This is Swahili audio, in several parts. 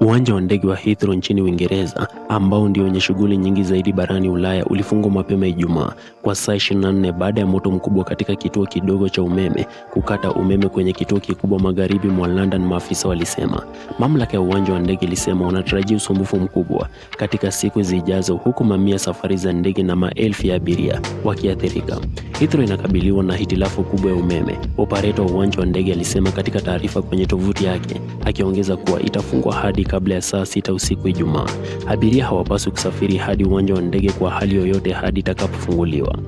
Uwanja wa ndege wa Heathrow nchini Uingereza, ambao ndio wenye shughuli nyingi zaidi barani Ulaya, ulifungwa mapema Ijumaa kwa saa 24 baada ya moto mkubwa katika kituo kidogo cha umeme kukata umeme kwenye kituo kikubwa magharibi mwa London, maafisa walisema. Mamlaka ya uwanja wa ndege ilisema wanatarajia usumbufu mkubwa katika siku zijazo, huku mamia safari za ndege na maelfu ya abiria wakiathirika. Heathrow inakabiliwa na hitilafu kubwa ya umeme, opareta wa uwanja wa ndege alisema katika taarifa kwenye tovuti yake, akiongeza kuwa itafungwa hadi kabla ya saa sita usiku Ijumaa. Abiria hawapaswi kusafiri hadi uwanja wa ndege kwa hali yoyote hadi itakapofunguliwa.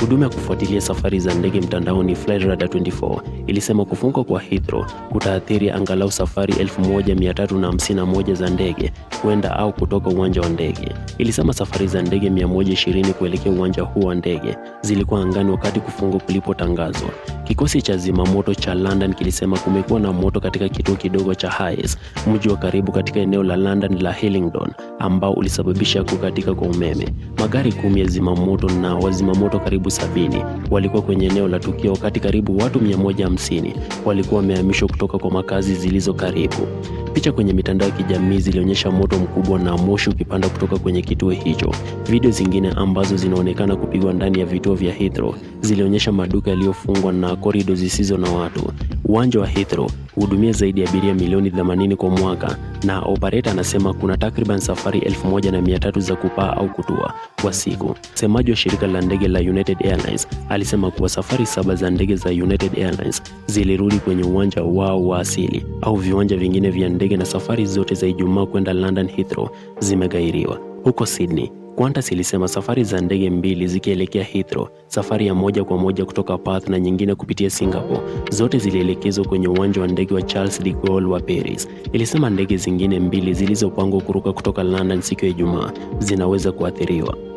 Huduma ya kufuatilia safari za ndege mtandaoni Flightradar 24 ilisema kufungwa kwa Heathrow kutaathiri angalau safari 1351 za ndege kwenda au kutoka uwanja wa ndege. Ilisema safari za ndege 120 kuelekea uwanja huo wa ndege zilikuwa angani wakati kufungwa kulipotangazwa. Kikosi cha zimamoto cha London kilisema kumekuwa na moto katika kituo kidogo cha Hayes, mji wa karibu katika eneo la London la Hillingdon, ambao ulisababisha kukatika kwa umeme. Magari kumi ya zimamoto na wazimamoto karibu karibu sabini walikuwa kwenye eneo la tukio, wakati karibu watu 150 walikuwa wamehamishwa kutoka kwa makazi zilizo karibu. Picha kwenye mitandao ya kijamii zilionyesha moto mkubwa na moshi ukipanda kutoka kwenye kituo hicho. Video zingine ambazo zinaonekana kupigwa ndani ya vituo vya Heathrow zilionyesha maduka yaliyofungwa na korido zisizo na watu. Uwanja wa Heathrow huhudumia zaidi ya abiria milioni 80 kwa mwaka, na operator anasema kuna takriban safari 1300 za kupaa au kutua kwa siku. Msemaji wa shirika la ndege la United Airlines alisema kuwa safari saba za ndege za United Airlines zilirudi kwenye uwanja wao wa asili au viwanja vingine vya ndege, na safari zote za Ijumaa kwenda London Heathrow zimegairiwa Huko Sydney, Qantas ilisema safari za ndege mbili zikielekea Heathrow, safari ya moja kwa moja kutoka Perth na nyingine kupitia Singapore, zote zilielekezwa kwenye uwanja wa ndege wa Charles de Gaulle wa Paris. Ilisema ndege zingine mbili zilizopangwa kuruka kutoka London siku ya Ijumaa zinaweza kuathiriwa.